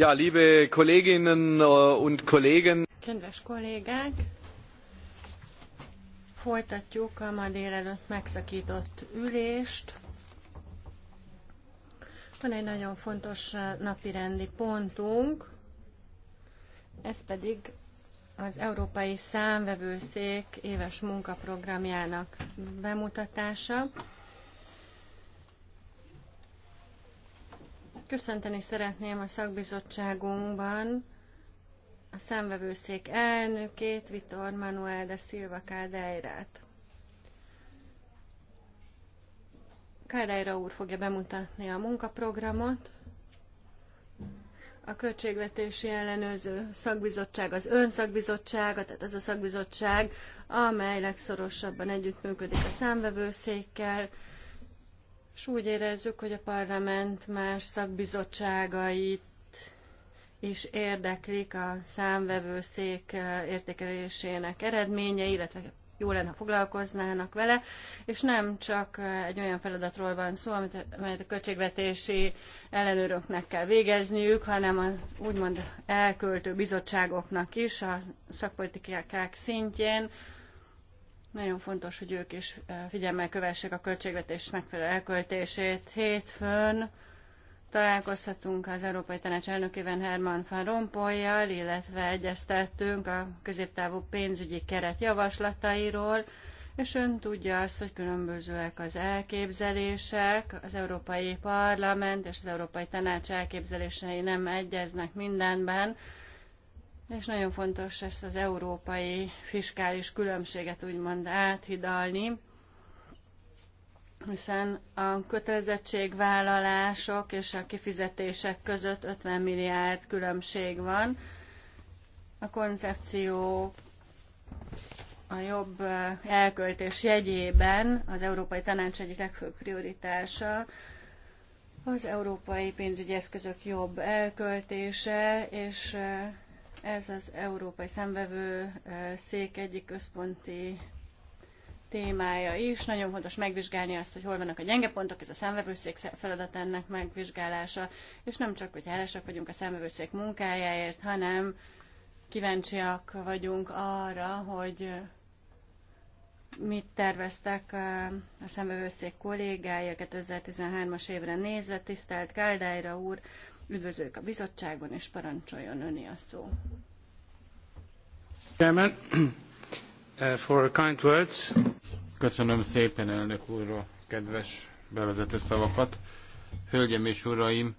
Ja, liebe Kolleginnen äh, und Kollegen. Kedves kollégák, folytatjuk a ma délelőtt megszakított ülést. Van egy nagyon fontos uh, napirendi pontunk, ez pedig az Európai Számvevőszék éves munkaprogramjának bemutatása. Köszönteni szeretném a szakbizottságunkban a szemvevőszék elnökét, Vitor Manuel de Silva Kádeirát. Kádeira úr fogja bemutatni a munkaprogramot. A Költségvetési Ellenőrző Szakbizottság az ön szakbizottsága, tehát az a szakbizottság, amely legszorosabban együttműködik a számvevőszékkel, és úgy érezzük, hogy a parlament más szakbizottságait is érdeklik a számvevőszék eh, értékelésének eredménye, illetve jó lenne, ha foglalkoznának vele, és nem csak eh, egy olyan feladatról van szó, amit, amelyet a költségvetési ellenőröknek kell végezniük, hanem a úgymond elköltő bizottságoknak is a szakpolitikák szintjén, nagyon fontos, hogy ők is eh, figyelmel kövessék a költségvetés megfelelő elköltését. Hétfőn találkozhatunk az Európai Tanács elnökében Herman van Rompoyjal, illetve egyeztettünk a középtávú pénzügyi keret javaslatairól, és ön tudja azt, hogy különbözőek az elképzelések, az Európai Parlament és az Európai Tanács elképzelései nem egyeznek mindenben, és nagyon fontos ezt az európai fiskális különbséget úgymond áthidalni, hiszen a kötelezettségvállalások és a kifizetések között 50 milliárd különbség van. A koncepció a jobb eh, elköltés jegyében az Európai Tanács egyik legfőbb prioritása az európai pénzügyi eszközök jobb elköltése, és eh, ez az Európai Szemvevő Szék egyik központi témája is. Nagyon fontos megvizsgálni azt, hogy hol vannak a gyenge pontok, ez a szemvevőszék feladat ennek megvizsgálása, és nem csak, hogy hálásak vagyunk a szemvevőszék munkájáért, hanem kíváncsiak vagyunk arra, hogy mit terveztek a szemvevőszék kollégái 2013-as évre nézve. Tisztelt Káldájra úr, Üdvözöljük a bizottságban, és parancsoljon öné a szó. Chairman, uh, for kind words. Köszönöm szépen, elnök úr, a kedves bevezető szavakat. Hölgyem és uraim,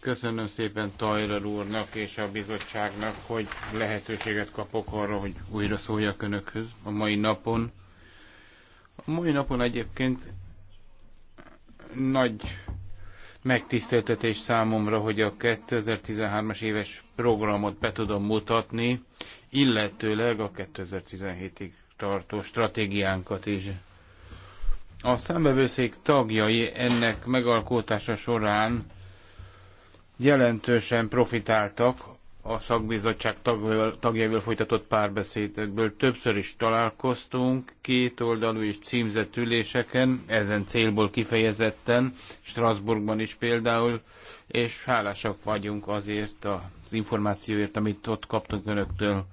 köszönöm szépen Tajler úrnak és a bizottságnak, hogy lehetőséget kapok arra, hogy újra szóljak önökhöz a mai napon. A mai napon egyébként nagy megtiszteltetés számomra, hogy a 2013-as éves programot be tudom mutatni, illetőleg a 2017-ig tartó stratégiánkat is. A számbevőszék tagjai ennek megalkotása során jelentősen profitáltak a szakbizottság tagjaival folytatott párbeszédekből többször is találkoztunk, két oldalú és címzett üléseken, ezen célból kifejezetten, Strasbourgban is például, és hálásak vagyunk azért az információért, amit ott kaptunk önöktől.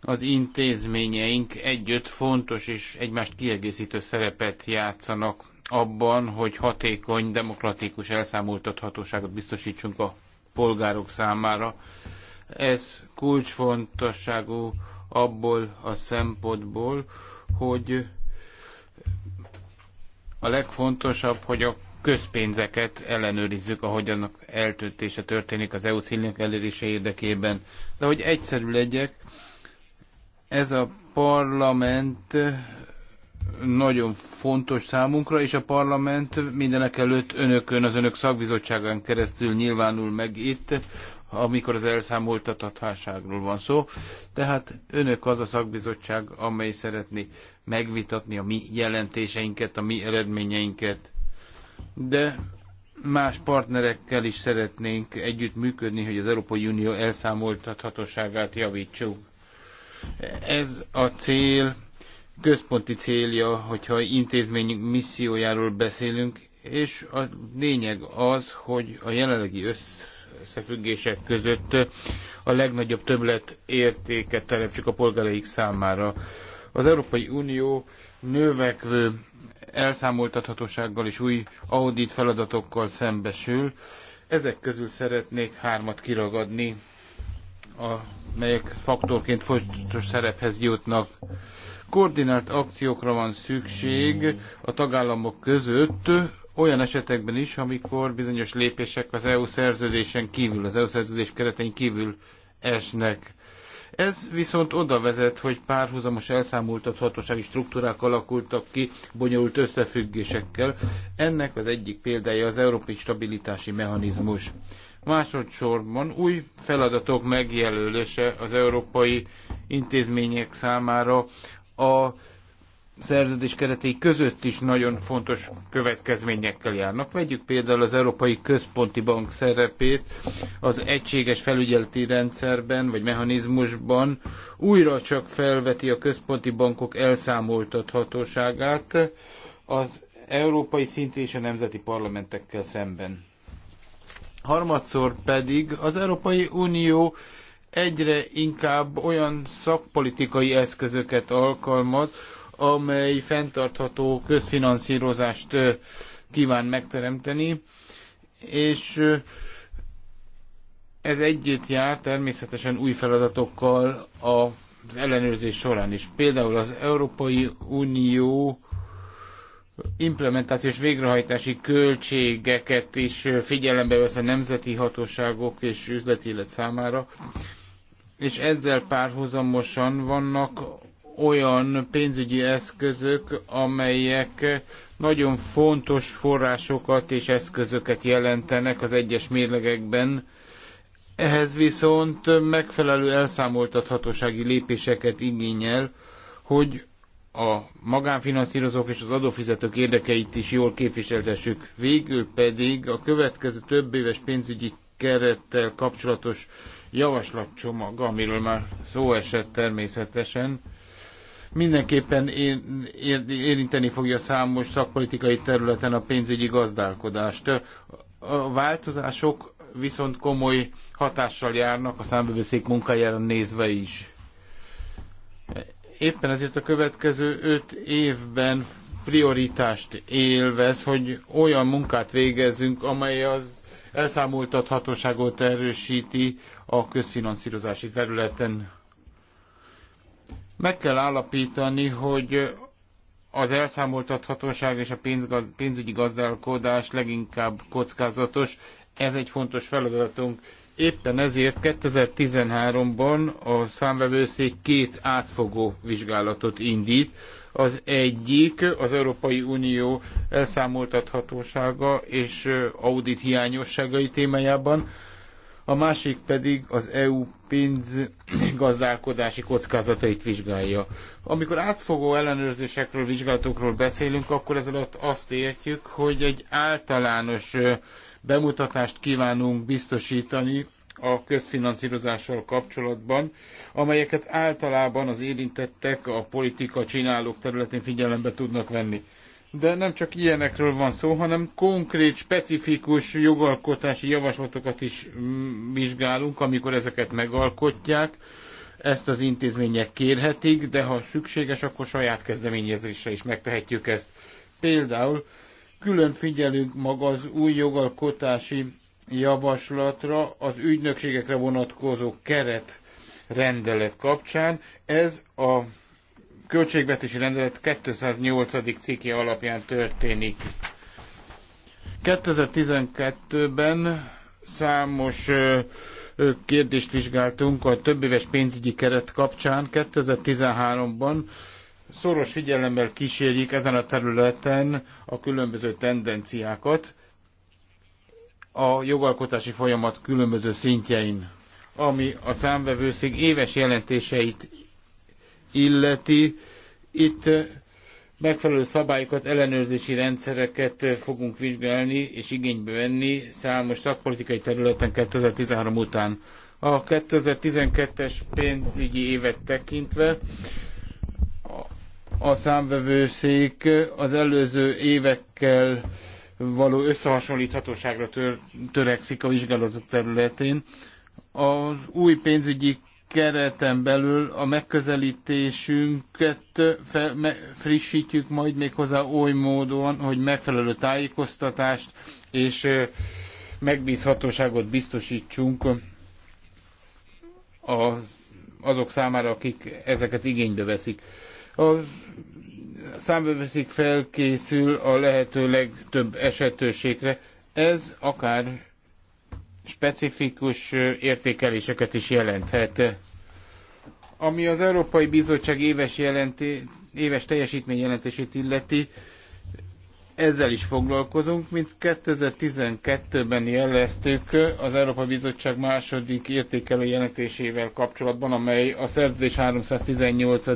Az intézményeink együtt fontos és egymást kiegészítő szerepet játszanak abban, hogy hatékony, demokratikus elszámoltathatóságot biztosítsunk a polgárok számára. Ez kulcsfontosságú abból a szempontból, hogy a legfontosabb, hogy a közpénzeket ellenőrizzük, ahogy annak eltöltése történik az EU célnak elérése érdekében. De hogy egyszerű legyek, ez a parlament nagyon fontos számunkra, és a parlament mindenek előtt önökön, az önök szakbizottságán keresztül nyilvánul meg itt, amikor az elszámoltatathaságról van szó. Tehát önök az a szakbizottság, amely szeretné megvitatni a mi jelentéseinket, a mi eredményeinket. De más partnerekkel is szeretnénk együtt működni, hogy az Európai Unió elszámoltathatóságát javítsuk. Ez a cél, központi célja, hogyha intézményünk missziójáról beszélünk, és a lényeg az, hogy a jelenlegi összefüggések között a legnagyobb többlet értéket teremtsük a polgáraik számára. Az Európai Unió növekvő elszámoltathatósággal és új audit feladatokkal szembesül. Ezek közül szeretnék hármat kiragadni amelyek faktorként fontos szerephez jutnak. Koordinált akciókra van szükség a tagállamok között, olyan esetekben is, amikor bizonyos lépések az EU szerződésen kívül, az EU szerződés keretein kívül esnek. Ez viszont oda vezet, hogy párhuzamos hatósági struktúrák alakultak ki bonyolult összefüggésekkel. Ennek az egyik példája az európai stabilitási mechanizmus. Másodszorban új feladatok megjelölése az európai intézmények számára a szerződés keretei között is nagyon fontos következményekkel járnak. Vegyük például az Európai Központi Bank szerepét az egységes felügyeleti rendszerben vagy mechanizmusban. Újra csak felveti a központi bankok elszámoltathatóságát az európai szint és a nemzeti parlamentekkel szemben. Harmadszor pedig az Európai Unió egyre inkább olyan szakpolitikai eszközöket alkalmaz, amely fenntartható közfinanszírozást kíván megteremteni, és ez együtt jár természetesen új feladatokkal az ellenőrzés során is. Például az Európai Unió implementációs végrehajtási költségeket is figyelembe vesz a nemzeti hatóságok és üzleti élet számára, és ezzel párhuzamosan vannak olyan pénzügyi eszközök, amelyek nagyon fontos forrásokat és eszközöket jelentenek az egyes mérlegekben. Ehhez viszont megfelelő elszámoltathatósági lépéseket igényel, hogy a magánfinanszírozók és az adófizetők érdekeit is jól képviseltessük. Végül pedig a következő több éves pénzügyi kerettel kapcsolatos javaslatcsomag, amiről már szó esett természetesen, mindenképpen érinteni fogja számos szakpolitikai területen a pénzügyi gazdálkodást. A változások viszont komoly hatással járnak a számbevőszék munkájára nézve is. Éppen ezért a következő öt évben prioritást élvez, hogy olyan munkát végezzünk, amely az elszámoltathatóságot erősíti a közfinanszírozási területen. Meg kell állapítani, hogy az elszámoltathatóság és a pénzgaz, pénzügyi gazdálkodás leginkább kockázatos. Ez egy fontos feladatunk. Éppen ezért 2013-ban a számvevőszék két átfogó vizsgálatot indít. Az egyik az Európai Unió elszámoltathatósága és audit hiányosságai témájában, a másik pedig az EU pénz gazdálkodási kockázatait vizsgálja. Amikor átfogó ellenőrzésekről, vizsgálatokról beszélünk, akkor ez alatt azt értjük, hogy egy általános bemutatást kívánunk biztosítani a közfinanszírozással kapcsolatban, amelyeket általában az érintettek a politika csinálók területén figyelembe tudnak venni. De nem csak ilyenekről van szó, hanem konkrét, specifikus jogalkotási javaslatokat is mm, vizsgálunk, amikor ezeket megalkotják. Ezt az intézmények kérhetik, de ha szükséges, akkor saját kezdeményezésre is megtehetjük ezt. Például Külön figyelünk maga az új jogalkotási javaslatra az ügynökségekre vonatkozó keret rendelet kapcsán. Ez a költségvetési rendelet 208. cikke alapján történik. 2012-ben számos kérdést vizsgáltunk a többéves pénzügyi keret kapcsán. 2013-ban szoros figyelemmel kísérjük ezen a területen a különböző tendenciákat a jogalkotási folyamat különböző szintjein, ami a számvevőszék éves jelentéseit illeti. Itt megfelelő szabályokat, ellenőrzési rendszereket fogunk vizsgálni és igénybe venni számos szakpolitikai területen 2013 után. A 2012-es pénzügyi évet tekintve a számvevőszék az előző évekkel való összehasonlíthatóságra tör, törekszik a vizsgálatok területén. Az új pénzügyi kereten belül a megközelítésünket fe, me, frissítjük majd méghozzá oly módon, hogy megfelelő tájékoztatást és megbízhatóságot biztosítsunk az, azok számára, akik ezeket igénybe veszik. A számvevőszék felkészül a lehető legtöbb esetőségre. Ez akár specifikus értékeléseket is jelenthet. Ami az Európai Bizottság éves, jelenti, éves teljesítményjelentését illeti, ezzel is foglalkozunk, mint 2012-ben jeleztük az Európai Bizottság második értékelő jelentésével kapcsolatban, amely a szerződés 318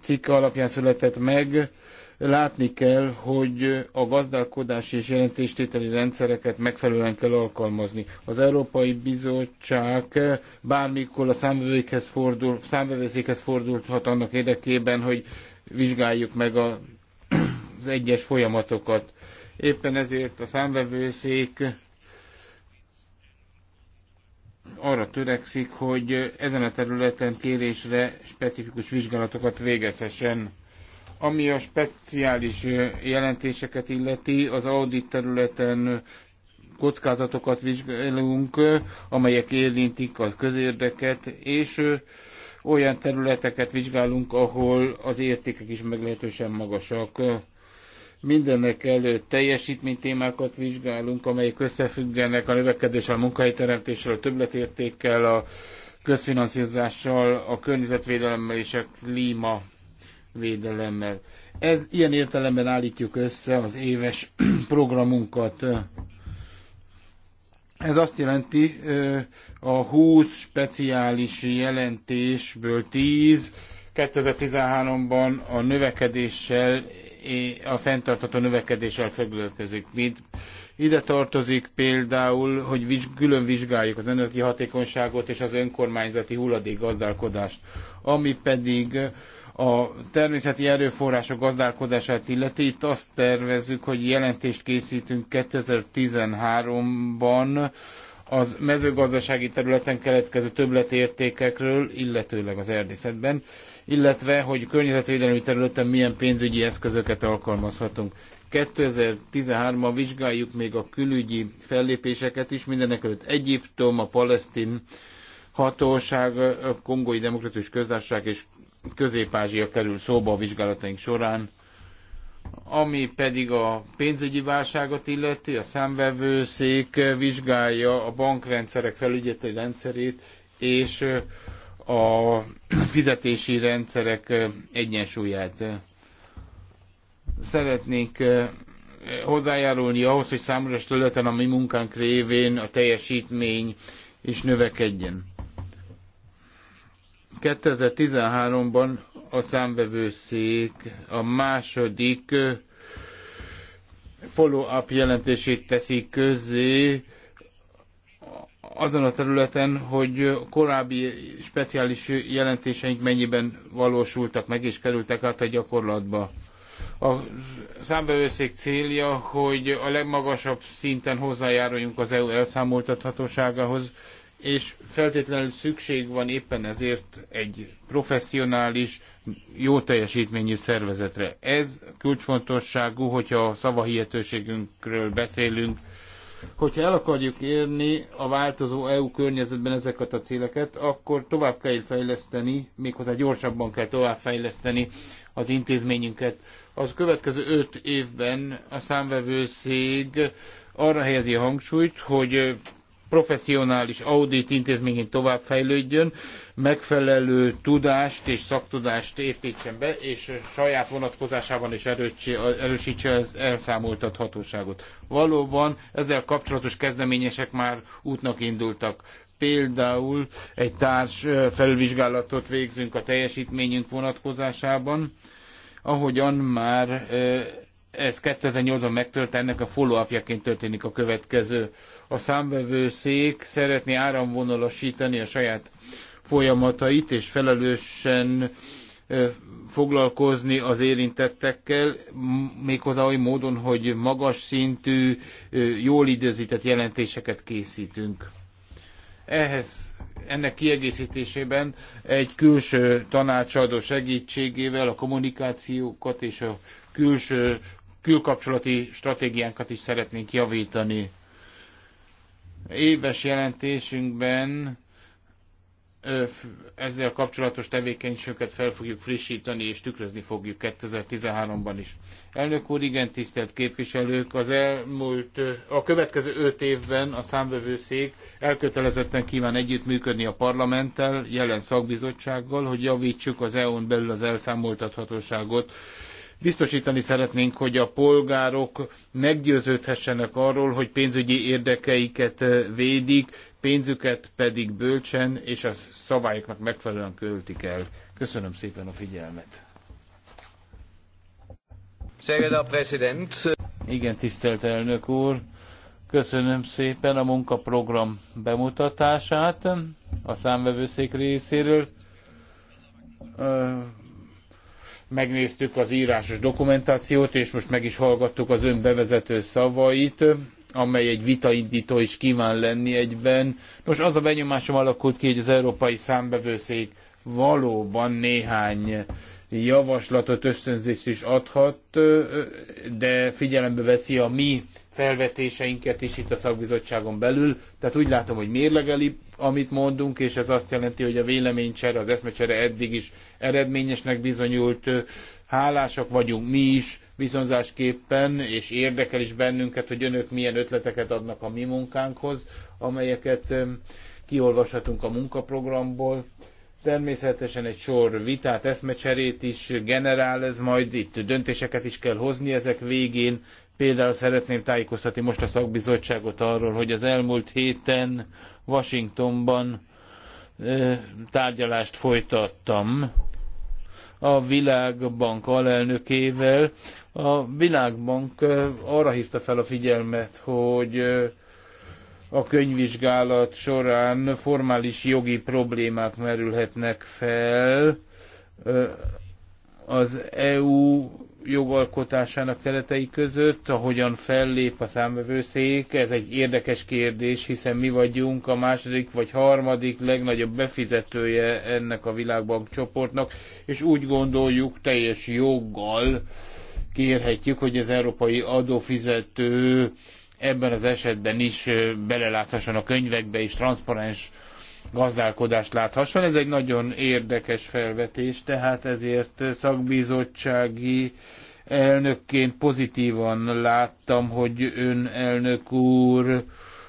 cikke alapján született meg. Látni kell, hogy a gazdálkodási és jelentéstételi rendszereket megfelelően kell alkalmazni. Az Európai Bizottság bármikor a fordul, számvevőszékhez fordulhat annak érdekében, hogy vizsgáljuk meg a, az egyes folyamatokat. Éppen ezért a számvevőszék arra törekszik, hogy ezen a területen kérésre specifikus vizsgálatokat végezhessen. Ami a speciális jelentéseket illeti, az audit területen kockázatokat vizsgálunk, amelyek érintik a közérdeket, és olyan területeket vizsgálunk, ahol az értékek is meglehetősen magasak. Mindenek előtt teljesítménytémákat vizsgálunk, amelyek összefüggenek a növekedéssel, a munkahelyteremtéssel, a többletértékkel, a közfinanszírozással, a környezetvédelemmel és a védelemmel. Ez ilyen értelemben állítjuk össze az éves programunkat. Ez azt jelenti, a 20 speciális jelentésből 10 2013-ban a növekedéssel a fenntartható növekedéssel foglalkozik. Mint ide tartozik például, hogy külön vizsgáljuk az energiahatékonyságot és az önkormányzati hulladékgazdálkodást, ami pedig a természeti erőforrások gazdálkodását illeti, itt azt tervezzük, hogy jelentést készítünk 2013-ban az mezőgazdasági területen keletkező többletértékekről, illetőleg az erdészetben, illetve hogy környezetvédelmi területen milyen pénzügyi eszközöket alkalmazhatunk. 2013-ban vizsgáljuk még a külügyi fellépéseket is, mindenekelőtt Egyiptom, a palesztin hatóság, a kongói demokratikus köztársaság és Közép-Ázsia kerül szóba a vizsgálataink során. Ami pedig a pénzügyi válságot illeti, a számvevőszék vizsgálja a bankrendszerek felügyeleti rendszerét és a fizetési rendszerek egyensúlyát. Szeretnénk hozzájárulni ahhoz, hogy számos területen a mi munkánk révén a teljesítmény is növekedjen. 2013-ban a számvevőszék a második follow-up jelentését teszi közzé azon a területen, hogy korábbi speciális jelentéseink mennyiben valósultak meg és kerültek át a gyakorlatba. A számbevőszék célja, hogy a legmagasabb szinten hozzájáruljunk az EU elszámoltathatóságához, és feltétlenül szükség van éppen ezért egy professzionális, jó teljesítményű szervezetre. Ez kulcsfontosságú, hogyha a szavahihetőségünkről beszélünk, hogyha el akarjuk érni a változó EU környezetben ezeket a céleket, akkor tovább kell fejleszteni, méghozzá gyorsabban kell továbbfejleszteni az intézményünket. Az következő öt évben a számvevőszég arra helyezi a hangsúlyt, hogy professzionális audit intézményként továbbfejlődjön, megfelelő tudást és szaktudást építsen be, és saját vonatkozásában is erősítse az elszámoltathatóságot. Valóban ezzel kapcsolatos kezdeményesek már útnak indultak. Például egy társ felvizsgálatot végzünk a teljesítményünk vonatkozásában, ahogyan már ez 2008-ban megtört, ennek a follow történik a következő. A számvevőszék szeretné áramvonalasítani a saját folyamatait, és felelősen foglalkozni az érintettekkel, méghozzá oly módon, hogy magas szintű, jól időzített jelentéseket készítünk. Ehhez ennek kiegészítésében egy külső tanácsadó segítségével a kommunikációkat és a külső külkapcsolati stratégiánkat is szeretnénk javítani. Éves jelentésünkben ezzel kapcsolatos tevékenységeket fel fogjuk frissíteni és tükrözni fogjuk 2013-ban is. Elnök úr, igen, tisztelt képviselők, az elmúlt, a következő öt évben a számvevőszék elkötelezetten kíván együttműködni a parlamenttel, jelen szakbizottsággal, hogy javítsuk az EU-n belül az elszámoltathatóságot Biztosítani szeretnénk, hogy a polgárok meggyőződhessenek arról, hogy pénzügyi érdekeiket védik, pénzüket pedig bölcsen és a szabályoknak megfelelően költik el. Köszönöm szépen a figyelmet. Igen, tisztelt elnök úr. Köszönöm szépen a munkaprogram bemutatását a számvevőszék részéről megnéztük az írásos dokumentációt, és most meg is hallgattuk az ön bevezető szavait, amely egy vitaindító is kíván lenni egyben. Nos, az a benyomásom alakult ki, hogy az Európai Számbevőszék valóban néhány javaslatot, ösztönzést is adhat, de figyelembe veszi a mi felvetéseinket is itt a szakbizottságon belül. Tehát úgy látom, hogy mérlegeli, amit mondunk, és ez azt jelenti, hogy a véleménycsere, az eszmecsere eddig is eredményesnek bizonyult. Hálásak vagyunk mi is viszonzásképpen, és érdekel is bennünket, hogy önök milyen ötleteket adnak a mi munkánkhoz, amelyeket kiolvashatunk a munkaprogramból Természetesen egy sor vitát, eszmecserét is generál ez majd, itt döntéseket is kell hozni ezek végén. Például szeretném tájékoztatni most a szakbizottságot arról, hogy az elmúlt héten Washingtonban tárgyalást folytattam a Világbank alelnökével. A Világbank arra hívta fel a figyelmet, hogy a könyvvizsgálat során formális jogi problémák merülhetnek fel az EU jogalkotásának keretei között, ahogyan fellép a számvevőszék, ez egy érdekes kérdés, hiszen mi vagyunk a második vagy harmadik legnagyobb befizetője ennek a világbank csoportnak, és úgy gondoljuk teljes joggal kérhetjük, hogy az európai adófizető ebben az esetben is beleláthasson a könyvekbe, és transzparens gazdálkodást láthasson. Ez egy nagyon érdekes felvetés, tehát ezért szakbizottsági elnökként pozitívan láttam, hogy ön elnök úr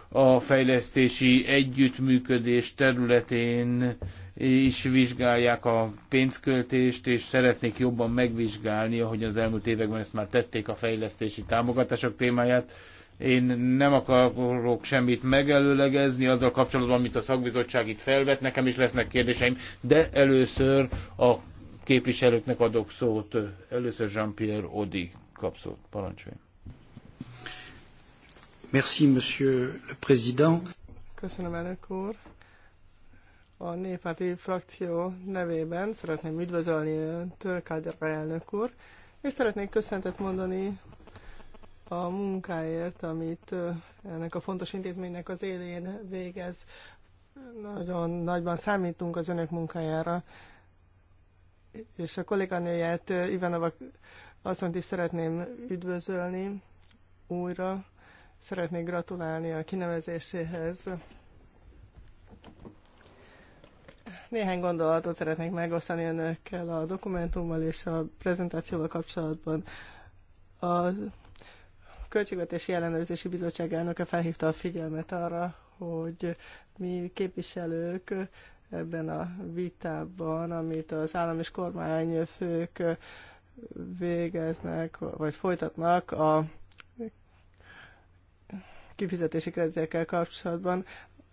a fejlesztési együttműködés területén is vizsgálják a pénzköltést, és szeretnék jobban megvizsgálni, ahogy az elmúlt években ezt már tették a fejlesztési támogatások témáját én nem akarok semmit megelőlegezni azzal kapcsolatban, amit a szakbizottság itt felvet, nekem is lesznek kérdéseim, de először a képviselőknek adok szót. Először Jean-Pierre Odi kap szót. Parancsolj. Merci, monsieur le président. Köszönöm, elnök úr. A néppárti frakció nevében szeretném üdvözölni önt, Kádár elnök úr, és szeretnék köszöntet mondani a munkáért, amit ennek a fontos intézménynek az élén végez. Nagyon nagyban számítunk az önök munkájára, és a kolléganőját, Ivanova asszonyt is szeretném üdvözölni újra. Szeretnék gratulálni a kinevezéséhez. Néhány gondolatot szeretnék megosztani önökkel a dokumentummal és a prezentációval kapcsolatban. A Költségvetési Ellenőrzési Bizottság elnöke felhívta a figyelmet arra, hogy mi képviselők ebben a vitában, amit az állam és kormányfők végeznek, vagy folytatnak a kifizetési kreditekkel kapcsolatban,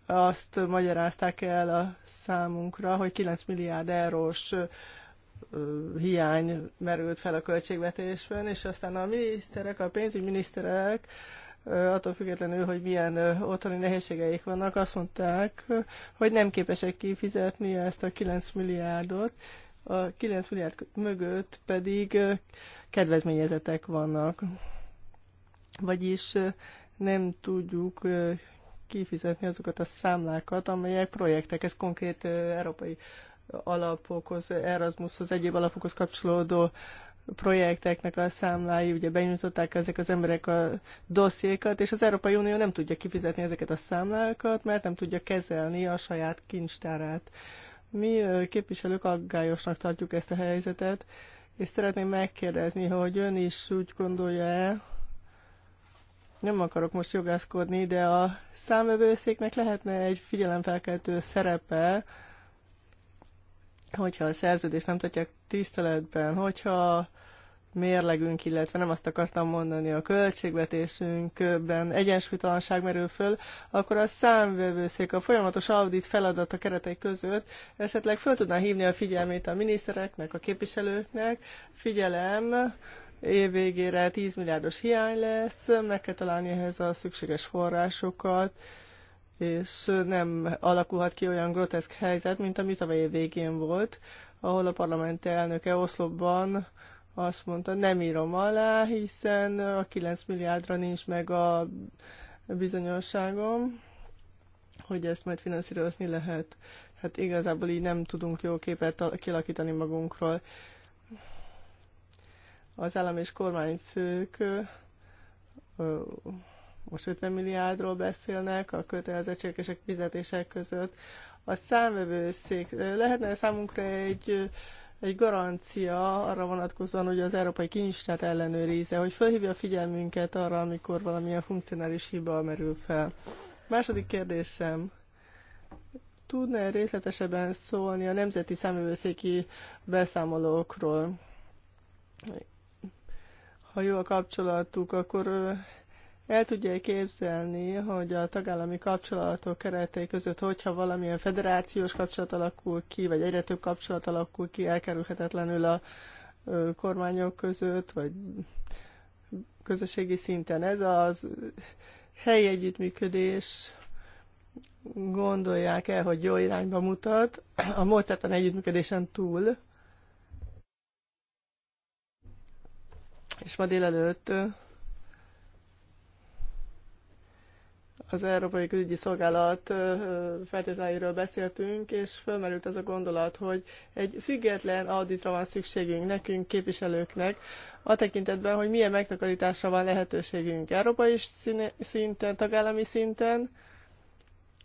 azt magyarázták el a számunkra, hogy 9 milliárd eurós hiány merült fel a költségvetésben, és aztán a miniszterek, a pénzügyminiszterek, attól függetlenül, hogy milyen otthoni nehézségeik vannak, azt mondták, hogy nem képesek kifizetni ezt a 9 milliárdot, a 9 milliárd mögött pedig kedvezményezetek vannak. Vagyis nem tudjuk kifizetni azokat a számlákat, amelyek projektek, ez konkrét európai alapokhoz, Erasmushoz, egyéb alapokhoz kapcsolódó projekteknek a számlái, ugye benyújtották ezek az emberek a dossziékat, és az Európai Unió nem tudja kifizetni ezeket a számlákat, mert nem tudja kezelni a saját kincstárát. Mi képviselők aggályosnak tartjuk ezt a helyzetet, és szeretném megkérdezni, hogy ön is úgy gondolja-e, nem akarok most jogászkodni, de a számvevőszéknek lehetne egy figyelemfelkeltő szerepe, hogyha a szerződést nem tartják tiszteletben, hogyha mérlegünk, illetve nem azt akartam mondani, a költségvetésünkben egyensúlytalanság merül föl, akkor a számvevőszék a folyamatos audit feladata keretei között esetleg föl tudná hívni a figyelmét a minisztereknek, a képviselőknek. Figyelem, végére 10 milliárdos hiány lesz, meg kell találni ehhez a szükséges forrásokat, és nem alakulhat ki olyan groteszk helyzet, mint amit a végén volt, ahol a parlament elnöke Oszlopban azt mondta, nem írom alá, hiszen a 9 milliárdra nincs meg a bizonyosságom, hogy ezt majd finanszírozni lehet. Hát igazából így nem tudunk jó képet kilakítani magunkról. Az állam és kormányfők most 50 milliárdról beszélnek a kötelezettségek és a fizetések között. A számvevőszék lehetne számunkra egy egy garancia arra vonatkozóan, hogy az Európai Kincstár ellenőrize, hogy felhívja a figyelmünket arra, amikor valamilyen funkcionális hiba merül fel. Második kérdésem. Tudna -e részletesebben szólni a nemzeti számövőszéki beszámolókról? Ha jó a kapcsolatuk, akkor el tudja képzelni, hogy a tagállami kapcsolatok keretei között, hogyha valamilyen federációs kapcsolat alakul ki, vagy egyre több kapcsolat alakul ki, elkerülhetetlenül a kormányok között, vagy közösségi szinten. Ez az helyi együttműködés gondolják el, hogy jó irányba mutat, a módszertan együttműködésen túl. És ma délelőtt az Európai Külügyi Szolgálat feltételeiről beszéltünk, és fölmerült ez a gondolat, hogy egy független auditra van szükségünk nekünk, képviselőknek, a tekintetben, hogy milyen megtakarításra van lehetőségünk európai szinten, tagállami szinten,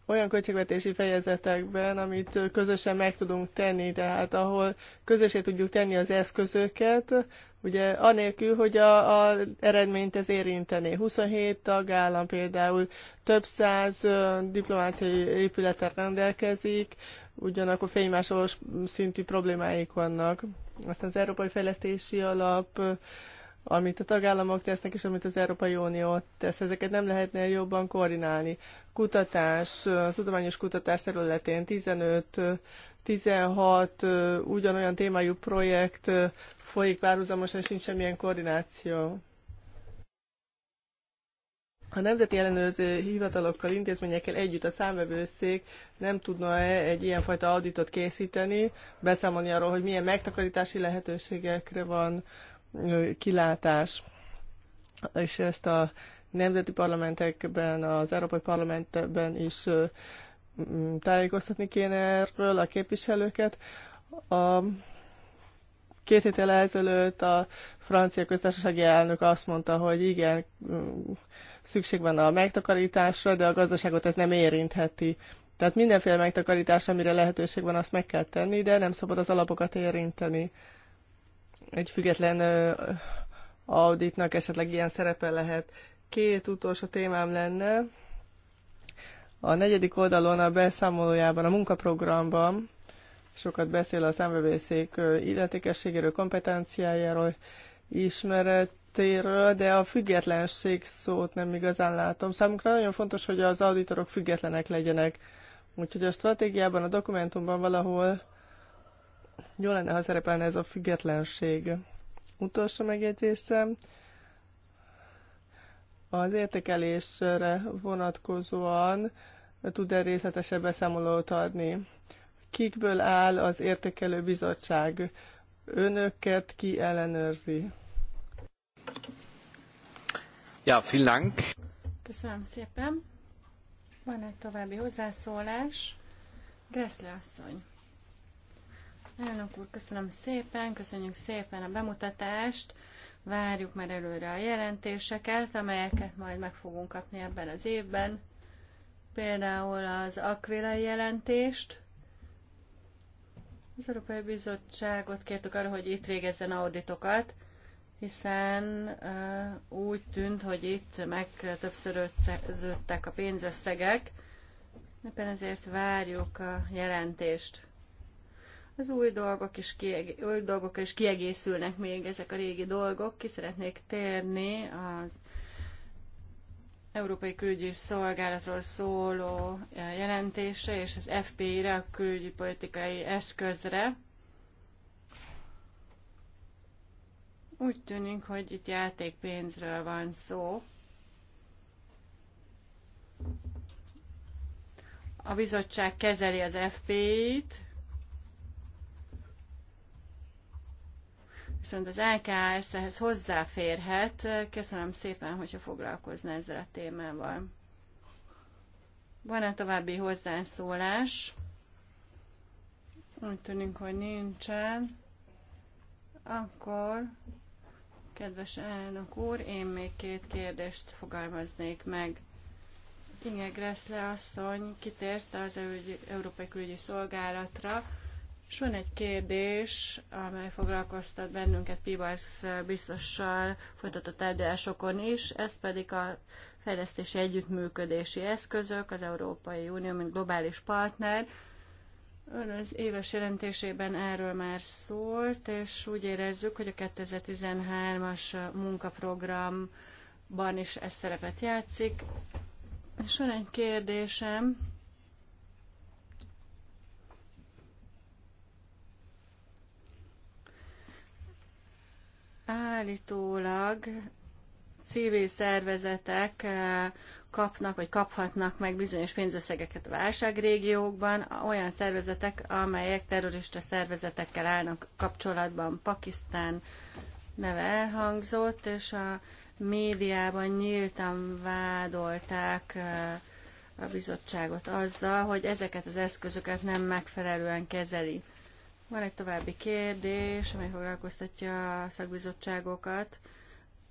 olyan költségvetési fejezetekben, amit közösen meg tudunk tenni, tehát ahol közösen tudjuk tenni az eszközöket, ugye anélkül, hogy a, a eredményt ez érinteni. 27 tagállam például több száz diplomáciai épületet rendelkezik, ugyanakkor fénymásolós szintű problémáik vannak. Aztán az Európai Fejlesztési Alap amit a tagállamok tesznek, és amit az Európai Unió tesz, ezeket nem lehetne jobban koordinálni. Kutatás, tudományos kutatás területén 15 16 ugyanolyan témájú projekt folyik párhuzamosan, nincs semmilyen koordináció. A nemzeti ellenőrző hivatalokkal, intézményekkel együtt a számvevőszék nem tudna-e egy ilyenfajta auditot készíteni, beszámolni arról, hogy milyen megtakarítási lehetőségekre van kilátás. És ezt a nemzeti parlamentekben, az Európai Parlamentben is tájékoztatni kéne erről a képviselőket. A két héttel ezelőtt a francia köztársasági elnök azt mondta, hogy igen, szükség van a megtakarításra, de a gazdaságot ez nem érintheti. Tehát mindenféle megtakarítás, amire lehetőség van, azt meg kell tenni, de nem szabad az alapokat érinteni egy független auditnak esetleg ilyen szerepe lehet. Két utolsó témám lenne. A negyedik oldalon a beszámolójában, a munkaprogramban sokat beszél a számvevőszék illetékességéről, kompetenciájáról, ismeretéről, de a függetlenség szót nem igazán látom. Számunkra nagyon fontos, hogy az auditorok függetlenek legyenek. Úgyhogy a stratégiában, a dokumentumban valahol jó lenne, ha szerepelne ez a függetlenség. Utolsó megjegyzésem. Az értékelésre vonatkozóan tud-e részletesebb beszámolót adni? Kikből áll az értékelő bizottság? Önöket ki ellenőrzi? Ja, vielen Dank. Köszönöm szépen. Van egy további hozzászólás? Greszle asszony. Elnök úr, köszönöm szépen, köszönjük szépen a bemutatást. Várjuk már előre a jelentéseket, amelyeket majd meg fogunk kapni ebben az évben. Például az Aquila jelentést. Az Európai Bizottságot kértük arra, hogy itt végezzen auditokat, hiszen uh, úgy tűnt, hogy itt meg többszöröződtek a pénzösszegek. Éppen ezért várjuk a jelentést az új dolgok is, kieg- új dolgok is kiegészülnek még ezek a régi dolgok. Ki szeretnék térni az Európai Külügyi Szolgálatról szóló eh, jelentése és az FPI-re, a külügyi politikai eszközre. Úgy tűnik, hogy itt játékpénzről van szó. A bizottság kezeli az FPI-t, viszont az LKS ehhez hozzáférhet. Köszönöm szépen, hogyha foglalkozna ezzel a témával. Van-e további hozzászólás? Úgy tűnik, hogy nincsen. Akkor, kedves elnök úr, én még két kérdést fogalmaznék meg. Inge Gressle asszony kitért az Európai Külügyi Szolgálatra, és van egy kérdés, amely foglalkoztat bennünket Pibasz eh, biztossal folytatott tárgyalásokon is, ez pedig a fejlesztési együttműködési eszközök, az Európai Unió, mint globális partner. Ön az éves jelentésében erről már szólt, és úgy érezzük, hogy a 2013-as munkaprogramban is ez szerepet játszik. És van egy kérdésem, Állítólag civil szervezetek eh, kapnak, vagy kaphatnak meg bizonyos pénzösszegeket a válságrégiókban, olyan szervezetek, amelyek terrorista szervezetekkel állnak kapcsolatban. Pakisztán neve elhangzott, és a médiában nyíltan vádolták eh, a bizottságot azzal, hogy ezeket az eszközöket nem megfelelően kezeli. Van egy további kérdés, amely foglalkoztatja a szakbizottságokat.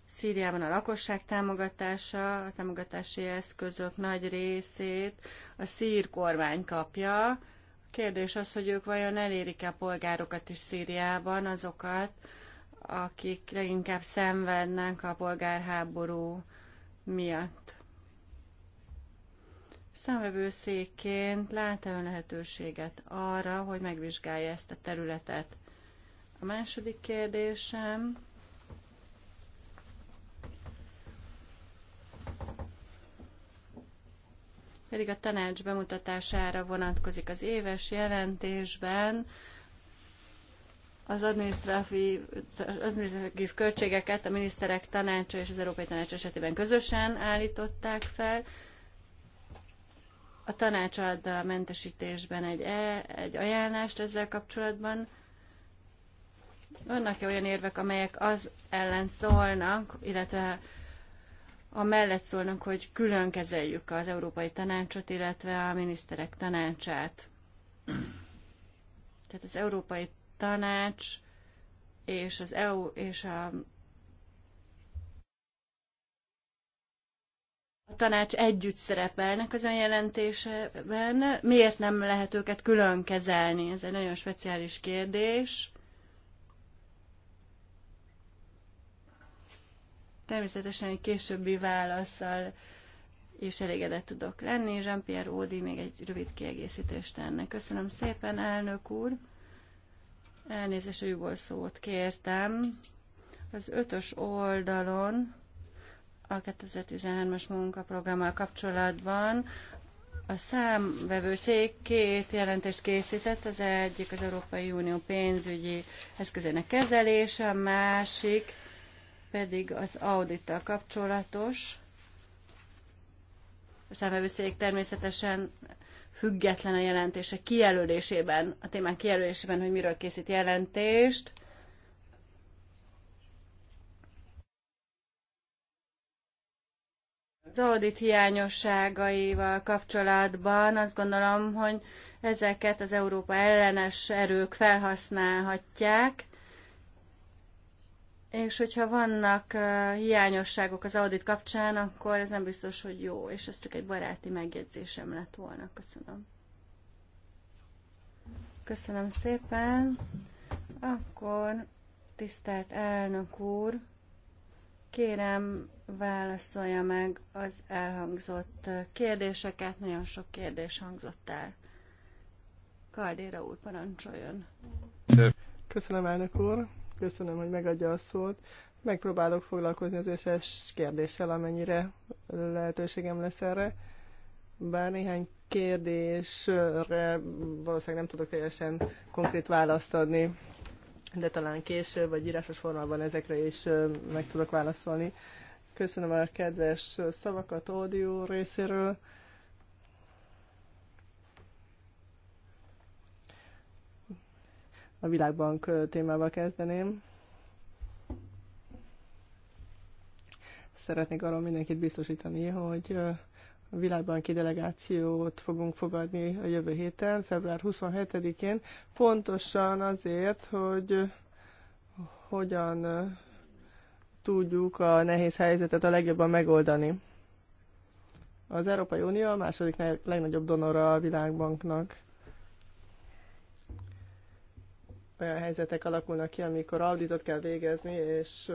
Szíriában a lakosság támogatása, a támogatási eszközök nagy részét a szír kormány kapja. A kérdés az, hogy ők vajon elérik-e a polgárokat is Szíriában, azokat, akik leginkább szenvednek a polgárháború miatt számvevőszékként lát-e ön lehetőséget arra, hogy megvizsgálja ezt a területet? A második kérdésem, pedig a tanács bemutatására vonatkozik az éves jelentésben az adminisztratív, költségeket a miniszterek tanácsa és az Európai Tanács esetében közösen állították fel. A tanács ad a mentesítésben egy, e, egy ajánlást ezzel kapcsolatban. Vannak -e olyan érvek, amelyek az ellen szólnak, illetve a mellett szólnak, hogy külön kezeljük az Európai Tanácsot, illetve a miniszterek tanácsát. Tehát az Európai Tanács és az EU és a a tanács együtt szerepelnek az önjelentésben, miért nem lehet őket külön kezelni? Ez egy nagyon speciális kérdés. Természetesen egy későbbi válaszsal és elégedett tudok lenni. Jean-Pierre Ódi még egy rövid kiegészítést tenne. Köszönöm szépen, elnök úr. Elnézést, hogy szót kértem. Az ötös oldalon a 2013-as munkaprogrammal kapcsolatban a számvevőszék két jelentést készített, az egyik az Európai Unió pénzügyi eszközének kezelése, a másik pedig az audittal kapcsolatos. A számvevőszék természetesen független a jelentése kijelölésében, a témán kijelölésében, hogy miről készít jelentést. Az audit hiányosságaival kapcsolatban azt gondolom, hogy ezeket az Európa ellenes erők felhasználhatják, és hogyha vannak hiányosságok az audit kapcsán, akkor ez nem biztos, hogy jó, és ez csak egy baráti megjegyzésem lett volna. Köszönöm. Köszönöm szépen. Akkor, tisztelt elnök úr, Kérem, válaszolja meg az elhangzott kérdéseket. Nagyon sok kérdés hangzott el. Kardéra úr, parancsoljon. Köszönöm, elnök úr. Köszönöm, hogy megadja a szót. Megpróbálok foglalkozni az összes kérdéssel, amennyire lehetőségem lesz erre. Bár néhány kérdésre valószínűleg nem tudok teljesen konkrét választ adni de talán később, vagy írásos formában ezekre is meg tudok válaszolni. Köszönöm a kedves szavakat audio részéről. A Világbank témával kezdeném. Szeretnék arról mindenkit biztosítani, hogy a világbanki delegációt fogunk fogadni a jövő héten, február 27-én, pontosan azért, hogy hogyan tudjuk a nehéz helyzetet a legjobban megoldani. Az Európai Unió a második legnagyobb donora a világbanknak. Olyan helyzetek alakulnak ki, amikor auditot kell végezni, és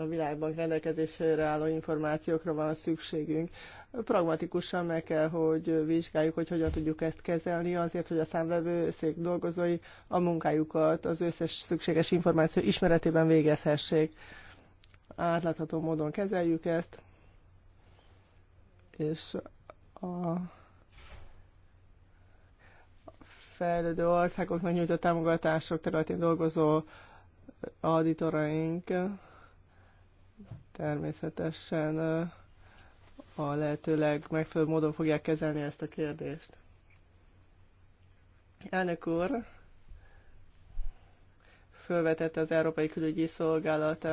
a világban rendelkezésre álló információkra van szükségünk. Pragmatikusan meg kell, hogy vizsgáljuk, hogy hogyan tudjuk ezt kezelni, azért, hogy a számvevőszék dolgozói a munkájukat az összes szükséges információ ismeretében végezhessék. Átlátható módon kezeljük ezt, és a fejlődő országoknak nyújtott támogatások területén dolgozó auditoraink természetesen a lehetőleg megfelelő módon fogják kezelni ezt a kérdést. Elnök úr, fölvetette az Európai Külügyi Szolgálat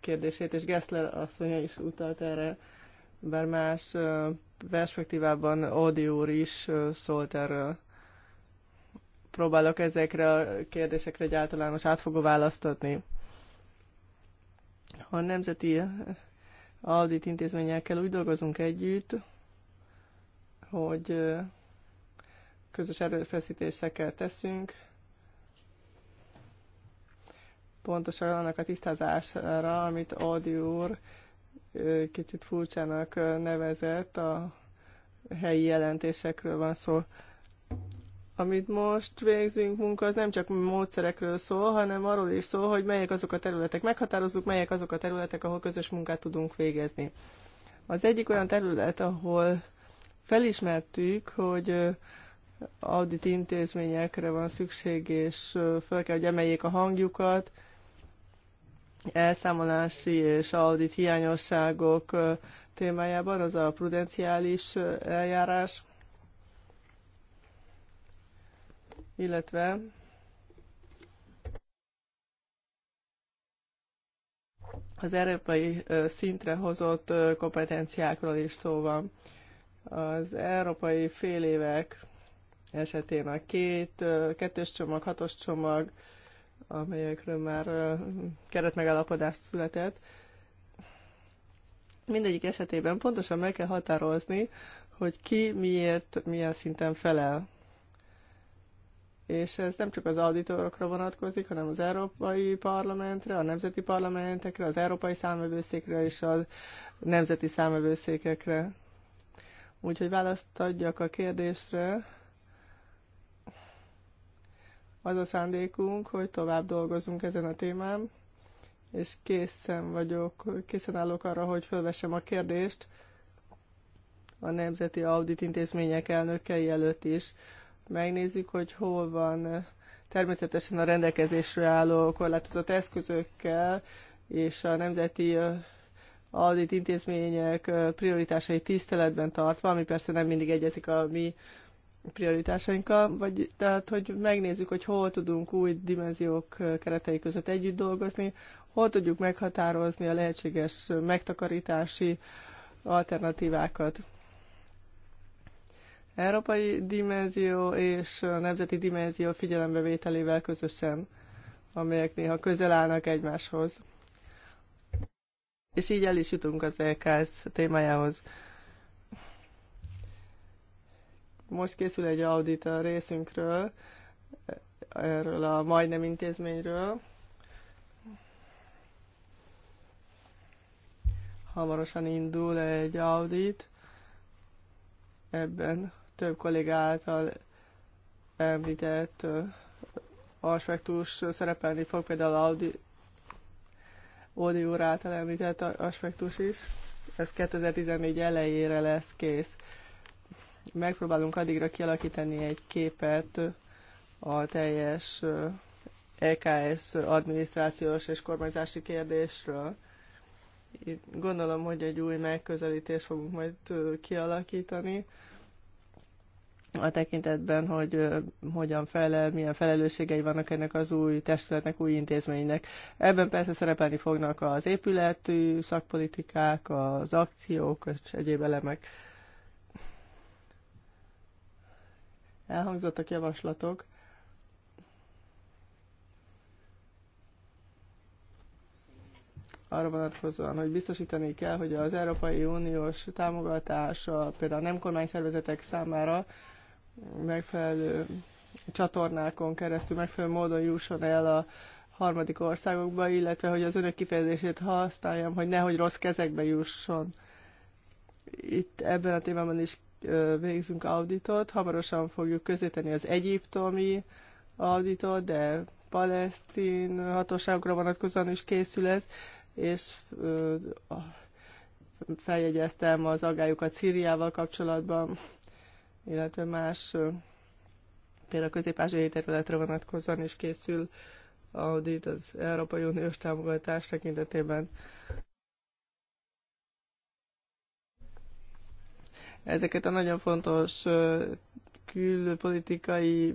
kérdését, és Gessler asszonya is utalt erre, bár más perspektívában Audi úr is szólt erről. Próbálok ezekre a kérdésekre egy általános átfogó választ adni. A nemzeti eh, audit intézményekkel úgy dolgozunk együtt, hogy eh, közös erőfeszítésekkel teszünk, pontosan annak a tisztázására, amit Audi úr eh, kicsit furcsának nevezett, a helyi jelentésekről van szó. Amit most végzünk munka, az nem csak módszerekről szól, hanem arról is szól, hogy melyek azok a területek. Meghatározzuk, melyek azok a területek, ahol közös munkát tudunk végezni. Az egyik olyan terület, ahol felismertük, hogy audit intézményekre van szükség, és fel kell, hogy emeljék a hangjukat, elszámolási és audit hiányosságok témájában, az a prudenciális eljárás. illetve az európai szintre hozott kompetenciákról is szó van. Az európai fél évek esetén a két, kettős csomag, hatos csomag, amelyekről már keretmegállapodás született, mindegyik esetében pontosan meg kell határozni, hogy ki miért, milyen szinten felel és ez nem csak az auditorokra vonatkozik, hanem az Európai Parlamentre, a nemzeti parlamentekre, az Európai Számövőszékre és a nemzeti számövőszékekre. Úgyhogy választ adjak a kérdésre. Az a szándékunk, hogy tovább dolgozunk ezen a témán, és készen vagyok, készen állok arra, hogy felvessem a kérdést a nemzeti audit intézmények elnökei előtt is, megnézzük, hogy hol van eh, természetesen a rendelkezésre álló korlátozott eszközökkel és a nemzeti eh, audit intézmények eh, prioritásai tiszteletben tartva, ami persze nem mindig egyezik a mi prioritásainkkal, vagy tehát, hogy megnézzük, hogy hol tudunk új dimenziók keretei között együtt dolgozni, hol tudjuk meghatározni a lehetséges megtakarítási alternatívákat európai dimenzió és a nemzeti dimenzió figyelembevételével közösen, amelyek néha közel állnak egymáshoz. És így el is jutunk az EKS témájához. Most készül egy audit a részünkről, erről a majdnem intézményről. Hamarosan indul egy audit ebben több kolléga által említett aspektus szerepelni fog, például Audi, Audi úr által említett aspektus is. Ez 2014 elejére lesz kész. Megpróbálunk addigra kialakítani egy képet a teljes EKS adminisztrációs és kormányzási kérdésről. Itt gondolom, hogy egy új megközelítést fogunk majd kialakítani a tekintetben, hogy hogyan felel, milyen felelősségei vannak ennek az új testületnek, új intézménynek. Ebben persze szerepelni fognak az épületű szakpolitikák, az akciók és egyéb elemek. Elhangzottak javaslatok. arra vonatkozóan, hogy biztosítani kell, hogy az Európai Uniós támogatása például a nem kormányszervezetek számára megfelelő csatornákon keresztül megfelelő módon jusson el a harmadik országokba, illetve hogy az önök kifejezését használjam, hogy nehogy rossz kezekbe jusson. Itt ebben a témában is végzünk auditot, hamarosan fogjuk közéteni az egyiptomi auditot, de palesztin hatóságokra vonatkozóan is készül ez, és feljegyeztem az agályokat Szíriával kapcsolatban, illetve más például közép területre vonatkozóan is készül audit az Európai Uniós támogatás tekintetében. Ezeket a nagyon fontos külpolitikai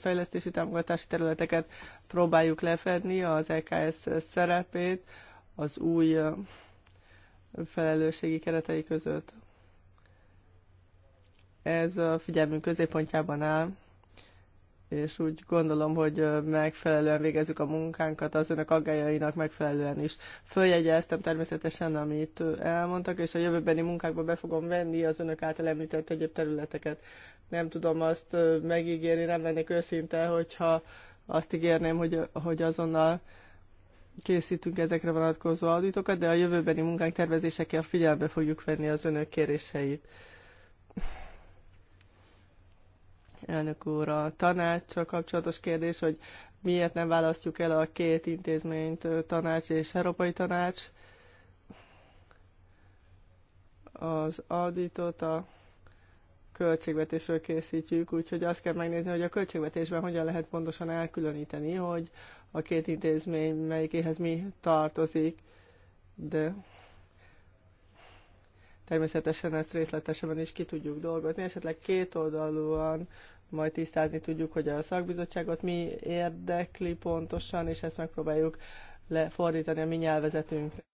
fejlesztési támogatási területeket próbáljuk lefedni, az EKS szerepét az új felelősségi keretei között. Ez a figyelmünk középpontjában áll, és úgy gondolom, hogy megfelelően végezzük a munkánkat az önök aggájainak megfelelően is. Följegyeztem természetesen, amit elmondtak, és a jövőbeni munkákba be fogom venni az önök által említett egyéb területeket. Nem tudom azt megígérni, nem lennék őszinte, hogyha azt ígérném, hogy, hogy azonnal készítünk ezekre vonatkozó auditokat, de a jövőbeni munkánk tervezésekkel figyelembe fogjuk venni az önök kéréseit elnök úr, a tanácssal kapcsolatos kérdés, hogy miért nem választjuk el a két intézményt, tanács és európai tanács, az auditot a költségvetésről készítjük, úgyhogy azt kell megnézni, hogy a költségvetésben hogyan lehet pontosan elkülöníteni, hogy a két intézmény melyikéhez mi tartozik, de természetesen ezt részletesen is ki tudjuk dolgozni, esetleg oldalúan majd tisztázni tudjuk, hogy a szakbizottságot mi érdekli pontosan, és ezt megpróbáljuk lefordítani a mi nyelvezetünkre.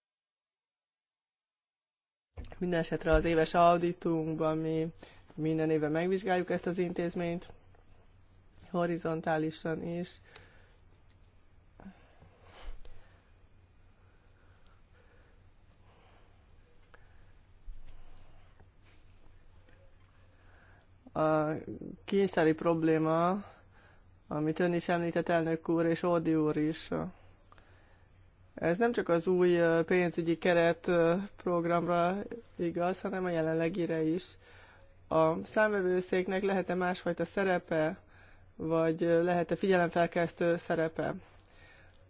Minden az éves auditunkban mi minden évben megvizsgáljuk ezt az intézményt, horizontálisan is, A kényszeri probléma, amit ön is említett, elnök úr és Ódi úr is, ez nem csak az új pénzügyi keret programra igaz, hanem a jelenlegire is. A számvevőszéknek lehet-e másfajta szerepe, vagy lehet-e figyelemfelkeztő szerepe?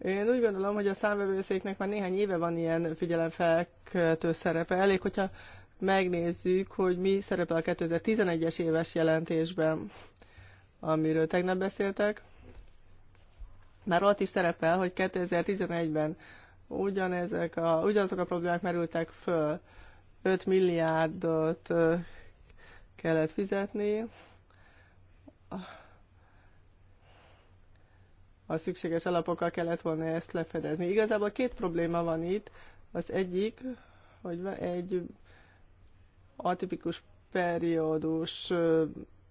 Én úgy gondolom, hogy a számvevőszéknek már néhány éve van ilyen figyelemfelkeltő szerepe. Elég, hogyha megnézzük, hogy mi szerepel a 2011-es éves jelentésben, amiről tegnap beszéltek. Már ott is szerepel, hogy 2011-ben ugyanezek a, ugyanazok a problémák merültek föl. 5 milliárdot kellett fizetni. A szükséges alapokkal kellett volna ezt lefedezni. Igazából két probléma van itt. Az egyik, hogy egy atipikus periódus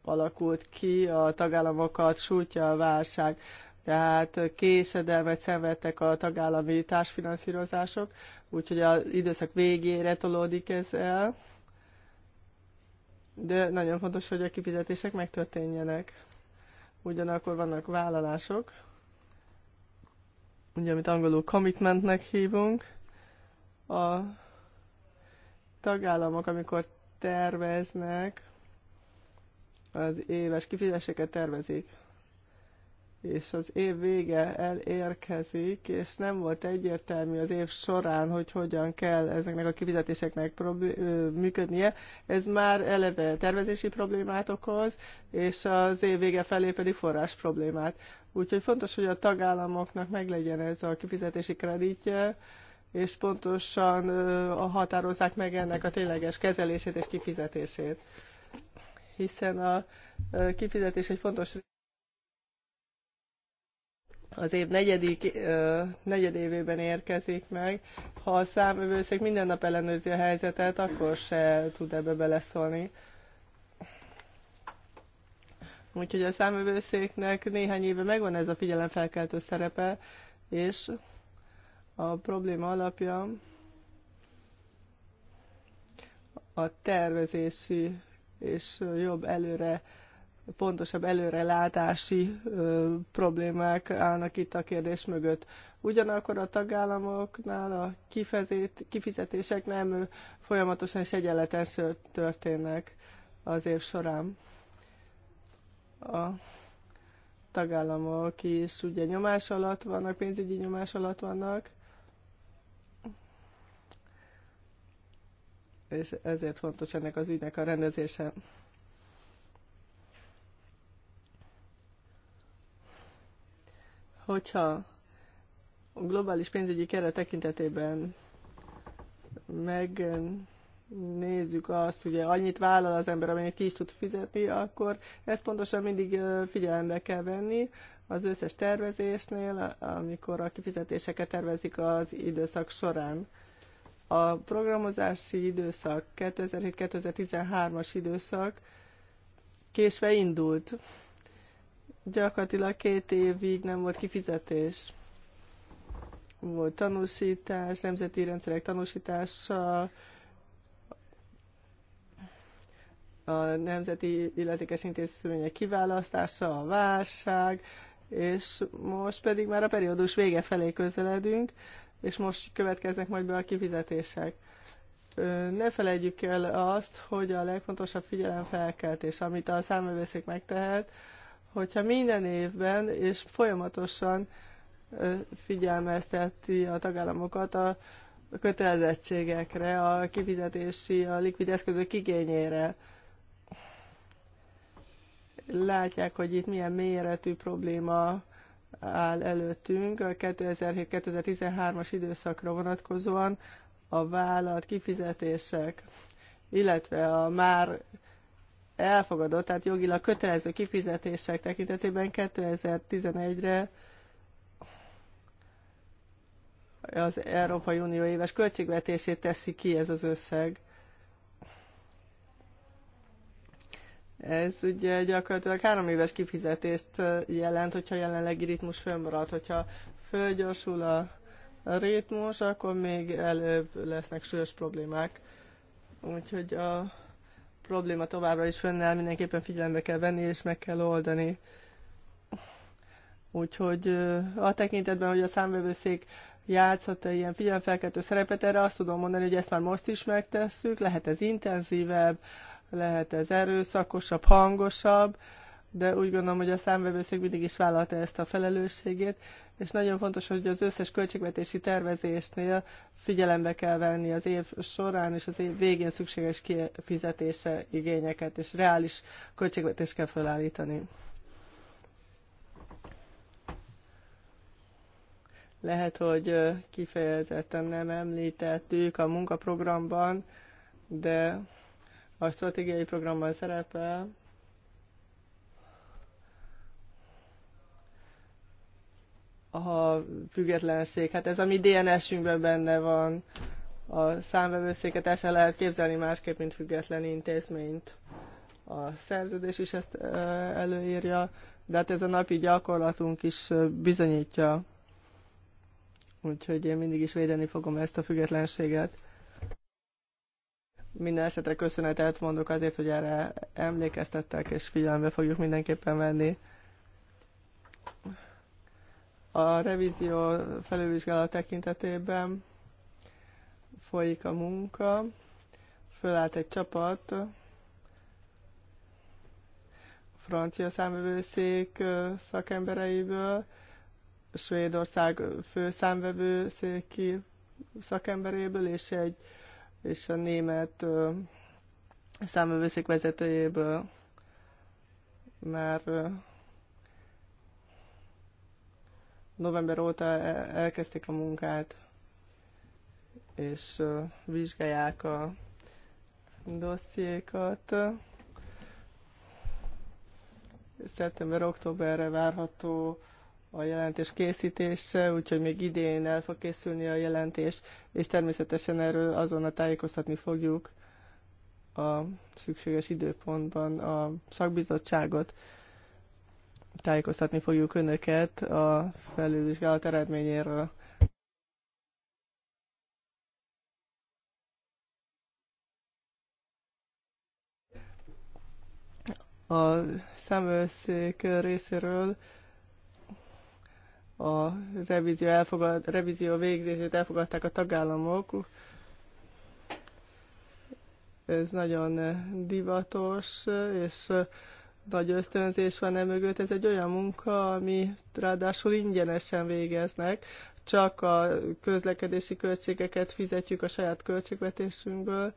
alakult ki, a tagállamokat sújtja a válság, tehát késedelmet szenvedtek a tagállami társfinanszírozások, úgyhogy az időszak végére tolódik ez el. De nagyon fontos, hogy a kifizetések megtörténjenek. Ugyanakkor vannak vállalások, ugye, amit angolul commitmentnek hívunk. A tagállamok, amikor terveznek, az éves kifizetéseket tervezik, és az év vége elérkezik, és nem volt egyértelmű az év során, hogy hogyan kell ezeknek a kifizetéseknek működnie. Ez már eleve tervezési problémát okoz, és az év vége felé pedig forrás problémát. Úgyhogy fontos, hogy a tagállamoknak meglegyen ez a kifizetési kreditje, és pontosan határozzák meg ennek a tényleges kezelését és kifizetését. Hiszen a kifizetés egy fontos az év negyedik, negyed évében érkezik meg. Ha a számövőszék minden nap ellenőrzi a helyzetet, akkor se tud ebbe beleszólni. Úgyhogy a számövőszéknek néhány éve megvan ez a figyelemfelkeltő szerepe, és a probléma alapja a tervezési és jobb előre, pontosabb előrelátási ö, problémák állnak itt a kérdés mögött. Ugyanakkor a tagállamoknál a kifezét, kifizetések nem folyamatosan és egyenletesen történnek az év során. A tagállamok is ugye nyomás alatt vannak, pénzügyi nyomás alatt vannak, és ezért fontos ennek az ügynek a rendezése. Hogyha a globális pénzügyi keret tekintetében megnézzük azt, ugye annyit vállal az ember, amennyit ki is tud fizetni, akkor ezt pontosan mindig figyelembe kell venni az összes tervezésnél, amikor a kifizetéseket tervezik az időszak során a programozási időszak 2007-2013-as időszak késve indult. Gyakorlatilag két évig nem volt kifizetés. Volt tanúsítás, nemzeti rendszerek tanúsítása, a nemzeti illetékes intézmények kiválasztása, a válság, és most pedig már a periódus vége felé közeledünk, és most következnek majd be a kifizetések. Ne felejtjük el azt, hogy a legfontosabb figyelemfelkeltés, amit a számövészék megtehet, hogyha minden évben és folyamatosan figyelmezteti a tagállamokat a kötelezettségekre, a kifizetési, a likvid eszközök igényére. Látják, hogy itt milyen méretű probléma áll előttünk a 2007-2013-as időszakra vonatkozóan a vállalt kifizetések, illetve a már elfogadott, tehát jogilag kötelező kifizetések tekintetében 2011-re az Európai Unió éves költségvetését teszi ki ez az összeg. Ez ugye gyakorlatilag három éves kifizetést jelent, hogyha jelenlegi ritmus fönnmarad. Hogyha fölgyorsul a ritmus, akkor még előbb lesznek súlyos problémák. Úgyhogy a probléma továbbra is fönnáll, mindenképpen figyelembe kell venni és meg kell oldani. Úgyhogy a tekintetben, hogy a számvevőszék játszhat egy ilyen figyelemfelkeltő szerepet, erre azt tudom mondani, hogy ezt már most is megtesszük, lehet ez intenzívebb, lehet ez erőszakosabb, hangosabb, de úgy gondolom, hogy a számvevőszék mindig is vállalta ezt a felelősségét, és nagyon fontos, hogy az összes költségvetési tervezésnél figyelembe kell venni az év során és az év végén szükséges kifizetése igényeket, és reális költségvetést kell felállítani. Lehet, hogy kifejezetten nem említettük a munkaprogramban, de a stratégiai programban szerepel, a függetlenség. Hát ez a mi DNS-ünkben benne van. A számvevőszéket el lehet képzelni másképp, mint független intézményt. A szerződés is ezt előírja, de hát ez a napi gyakorlatunk is bizonyítja. Úgyhogy én mindig is védeni fogom ezt a függetlenséget. Minden esetre köszönetet mondok azért, hogy erre emlékeztettek, és figyelembe fogjuk mindenképpen venni. A revízió felülvizsgálat tekintetében folyik a munka, fölállt egy csapat, francia számvevőszék szakembereiből, Svédország fő számvevőszéki szakemberéből, és egy és a német számövőszék vezetőjéből már november óta e-, elkezdték a munkát, és vizsgálják a dossziékat. Szeptember-októberre várható a jelentés készítése, úgyhogy még idén el fog készülni a jelentés, és természetesen erről azonnal tájékoztatni fogjuk a szükséges időpontban a szakbizottságot. Tájékoztatni fogjuk önöket a felülvizsgálat eredményéről. A szemőszék részéről a revízió, elfogad, revízió végzését elfogadták a tagállamok. Ez nagyon eh, divatos, eh, és eh, nagy ösztönzés van e mögött. Ez egy olyan munka, ami ráadásul ingyenesen végeznek, csak a közlekedési költségeket fizetjük a saját költségvetésünkből,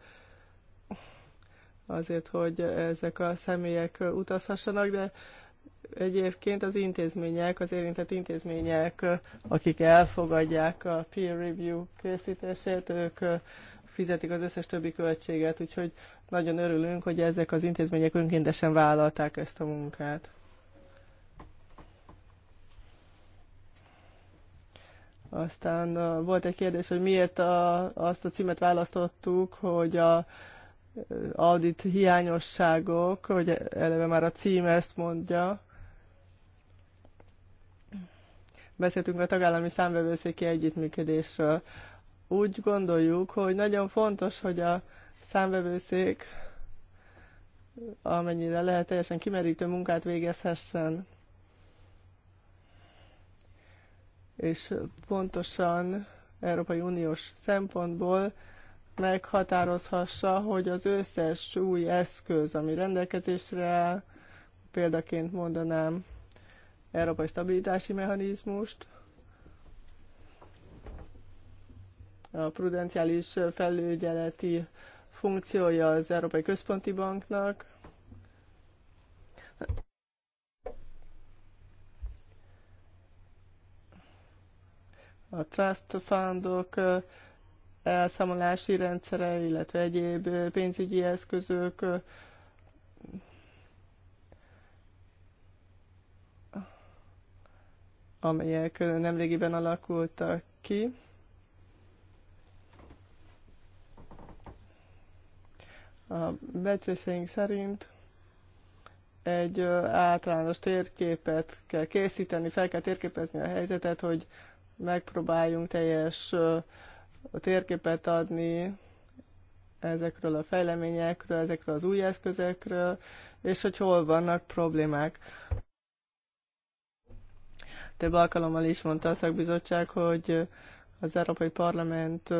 azért, hogy ezek a személyek utazhassanak, de egyébként az intézmények, az érintett intézmények, akik elfogadják a peer review készítését, ők fizetik az összes többi költséget, úgyhogy nagyon örülünk, hogy ezek az intézmények önkéntesen vállalták ezt a munkát. Aztán volt egy kérdés, hogy miért a, azt a címet választottuk, hogy a audit hiányosságok, hogy eleve már a cím ezt mondja. Beszéltünk a tagállami számvevőszéki együttműködésről. Úgy gondoljuk, hogy nagyon fontos, hogy a számvevőszék amennyire lehet teljesen kimerítő munkát végezhessen. És pontosan Európai Uniós szempontból meghatározhassa, hogy az összes új eszköz, ami rendelkezésre áll, példaként mondanám Európai Stabilitási Mechanizmust, a prudenciális felügyeleti funkciója az Európai Központi Banknak, a trust fundok elszámolási rendszere, illetve egyéb pénzügyi eszközök, amelyek nemrégiben alakultak ki. A becséseink szerint egy általános térképet kell készíteni, fel kell térképezni a helyzetet, hogy megpróbáljunk teljes a térképet adni ezekről a fejleményekről, ezekről az új eszközökről, és hogy hol vannak problémák. Több alkalommal is mondta a szakbizottság, hogy az Európai Parlament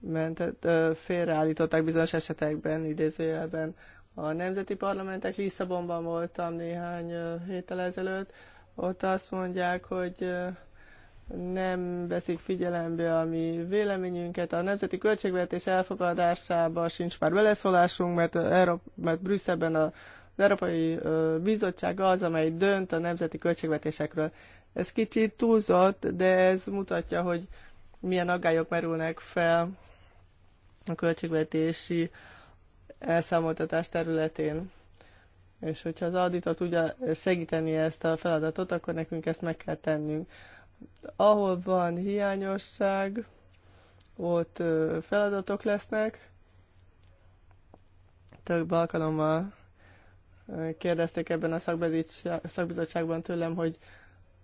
mentet, félreállították bizonyos esetekben, idézőjelben. A nemzeti parlamentek Lisszabonban voltam néhány héttel ezelőtt, ott azt mondják, hogy nem veszik figyelembe a mi véleményünket. A nemzeti költségvetés elfogadásába sincs már beleszólásunk, mert, mert Brüsszelben a az Európai Bizottság az, amely dönt a nemzeti költségvetésekről. Ez kicsit túlzott, de ez mutatja, hogy milyen aggályok merülnek fel a költségvetési elszámoltatás területén. És hogyha az auditor tudja segíteni ezt a feladatot, akkor nekünk ezt meg kell tennünk ahol van hiányosság, ott feladatok lesznek. Több alkalommal kérdezték ebben a szakbizottságban tőlem, hogy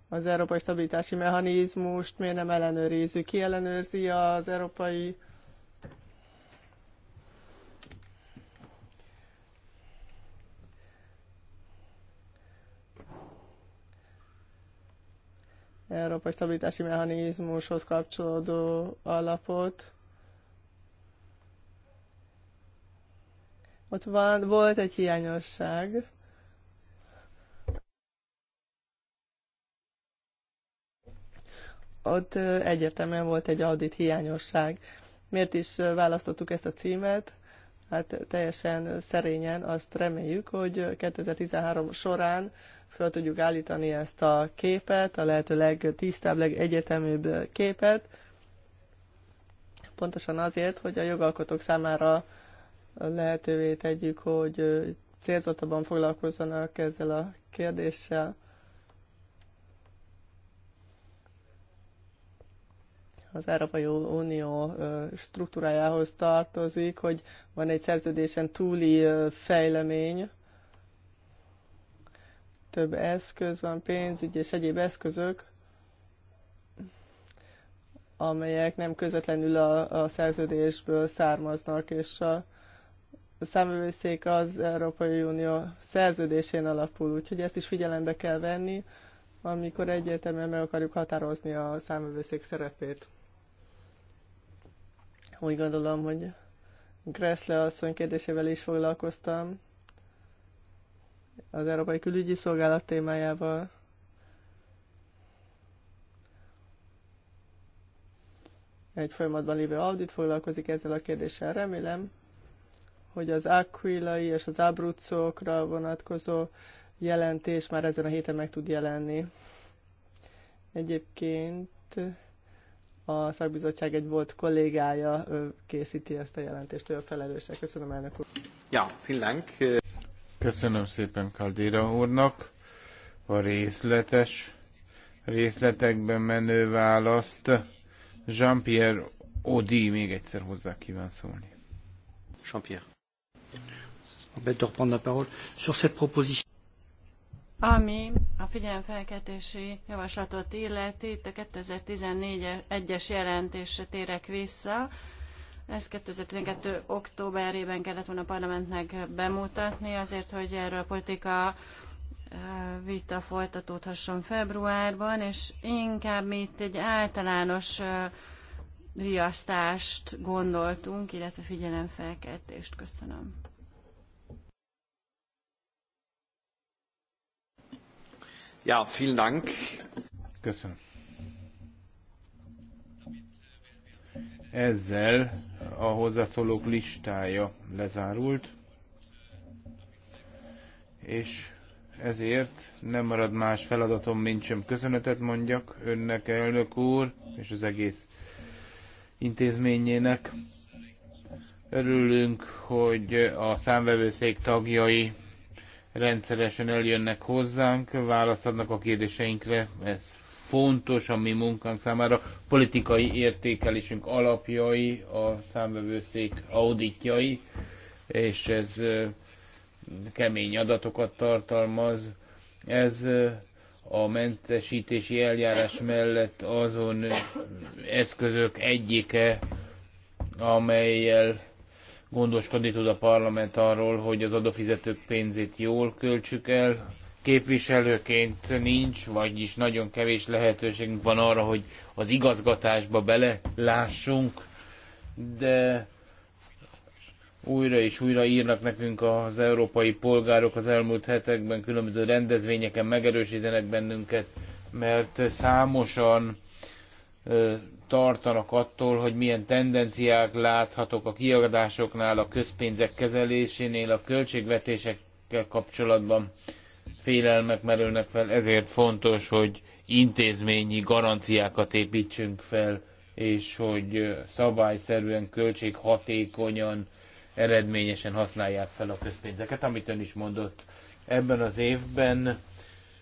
az európai stabilitási mechanizmust miért nem ellenőrizzük. Ki ellenőrzi az európai Európai Stabilitási Mechanizmushoz kapcsolódó alapot. Ott van, volt egy hiányosság. Ott egyértelműen volt egy audit hiányosság. Miért is választottuk ezt a címet? Hát teljesen szerényen azt reméljük, hogy 2013 során föl tudjuk állítani ezt a képet, a lehető legtisztább, legegyeteműbb képet, pontosan azért, hogy a jogalkotók számára lehetővé tegyük, hogy célzottabban foglalkozzanak ezzel a kérdéssel. az Európai Unió struktúrájához tartozik, hogy van egy szerződésen túli fejlemény, több eszköz van, pénzügy és egyéb eszközök, amelyek nem közvetlenül a, a szerződésből származnak, és a, a számövőszék az Európai Unió szerződésén alapul, úgyhogy ezt is figyelembe kell venni, amikor egyértelműen meg akarjuk határozni a számövőszék szerepét. Úgy gondolom, hogy Gressle asszony kérdésével is foglalkoztam, az Európai Külügyi Szolgálat témájával. Egy folyamatban lévő audit foglalkozik ezzel a kérdéssel. Remélem, hogy az Aquilai és az Abruzzokra vonatkozó jelentés már ezen a héten meg tud jelenni. Egyébként a szakbizottság egy volt kollégája készíti ezt a jelentést, ő a felelőse. Köszönöm, elnök úr. Ja, vielen Köszönöm szépen Kaldéra úrnak a részletes, részletekben menő választ. Jean-Pierre Odi még egyszer hozzá kíván szólni. Jean-Pierre. Ami a figyelemfelkeltési javaslatot illeti, itt a 2014-es jelentésre térek vissza, ezt 2012. októberében kellett volna a parlamentnek bemutatni, azért, hogy erről a politika vita folytatódhasson februárban, és inkább itt egy általános riasztást gondoltunk, illetve figyelemfelkeltést. Köszönöm. Ja, vielen Dank. Köszönöm. Ezzel a hozzászólók listája lezárult, és ezért nem marad más feladatom, mint sem köszönetet mondjak önnek, elnök úr, és az egész intézményének. Örülünk, hogy a számvevőszék tagjai rendszeresen eljönnek hozzánk, választ adnak a kérdéseinkre, ez fontos a mi munkánk számára. Politikai értékelésünk alapjai, a számvevőszék auditjai, és ez kemény adatokat tartalmaz. Ez a mentesítési eljárás mellett azon eszközök egyike, amelyel gondoskodni tud a parlament arról, hogy az adófizetők pénzét jól költsük el, képviselőként nincs, vagyis nagyon kevés lehetőségünk van arra, hogy az igazgatásba belelássunk, de újra és újra írnak nekünk az európai polgárok az elmúlt hetekben, különböző rendezvényeken megerősítenek bennünket, mert számosan ö, tartanak attól, hogy milyen tendenciák láthatók a kiadásoknál, a közpénzek kezelésénél, a költségvetésekkel kapcsolatban félelmek merülnek fel, ezért fontos, hogy intézményi garanciákat építsünk fel, és hogy szabályszerűen, költséghatékonyan, eredményesen használják fel a közpénzeket, amit ön is mondott ebben az évben.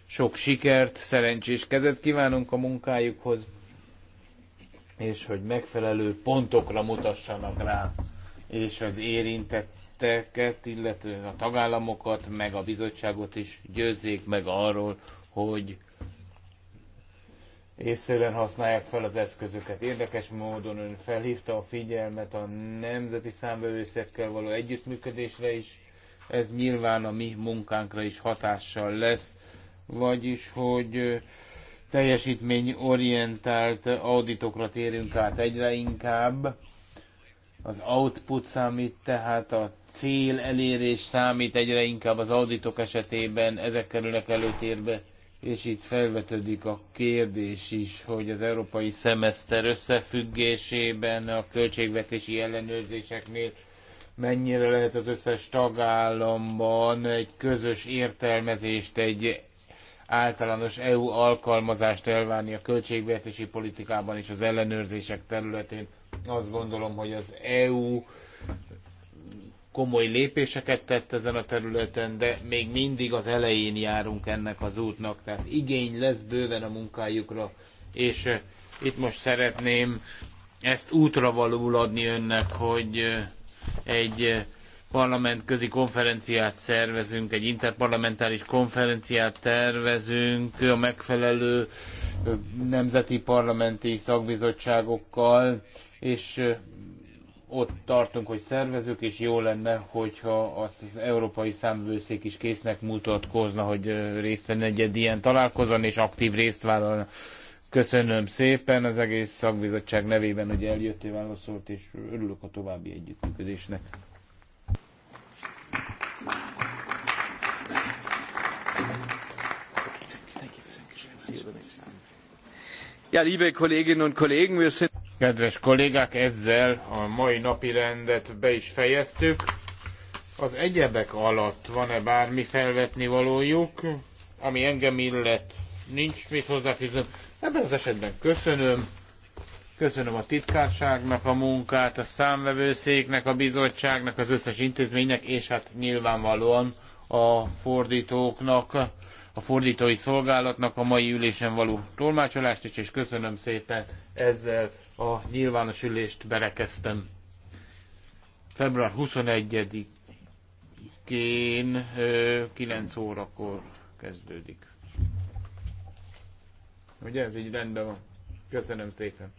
Sok sikert, szerencsés kezet kívánunk a munkájukhoz, és hogy megfelelő pontokra mutassanak rá, és az érintett érintetteket, illetve a tagállamokat, meg a bizottságot is győzzék meg arról, hogy észszerűen használják fel az eszközöket. Érdekes módon ön felhívta a figyelmet a nemzeti számvevőszekkel való együttműködésre is. Ez nyilván a mi munkánkra is hatással lesz, vagyis, hogy teljesítményorientált auditokra térünk át egyre inkább az output számít, tehát a cél elérés számít egyre inkább az auditok esetében, ezek kerülnek előtérbe, és itt felvetődik a kérdés is, hogy az európai szemeszter összefüggésében a költségvetési ellenőrzéseknél mennyire lehet az összes tagállamban egy közös értelmezést, egy általános EU alkalmazást elvárni a költségvetési politikában és az ellenőrzések területén azt gondolom, hogy az EU komoly lépéseket tett ezen a területen, de még mindig az elején járunk ennek az útnak, tehát igény lesz bőven a munkájukra, és eh, itt most szeretném ezt útra valóul adni önnek, hogy eh, egy eh, parlamentközi konferenciát szervezünk, egy interparlamentáris konferenciát tervezünk a megfelelő nemzeti parlamenti szakbizottságokkal, és ott tartunk, hogy szervezzük és jó lenne, hogyha az európai számvőszék is késznek mutatkozna, hogy részt venne egy ilyen találkozón, és aktív részt vállalna. Köszönöm szépen az egész szakbizottság nevében, hogy eljöttél, válaszolt, és örülök a további együttműködésnek. Ja, Kedves kollégák, ezzel a mai napi rendet be is fejeztük. Az egyebek alatt van-e bármi felvetni valójuk, ami engem illet? Nincs mit hozzáfűzni. Ebben az esetben köszönöm. Köszönöm a titkárságnak a munkát, a számvevőszéknek, a bizottságnak, az összes intézménynek, és hát nyilvánvalóan a fordítóknak a fordítói szolgálatnak a mai ülésen való tolmácsolást is, és köszönöm szépen ezzel a nyilvános ülést berekeztem. Február 21-én 9 órakor kezdődik. Ugye ez így rendben van. Köszönöm szépen.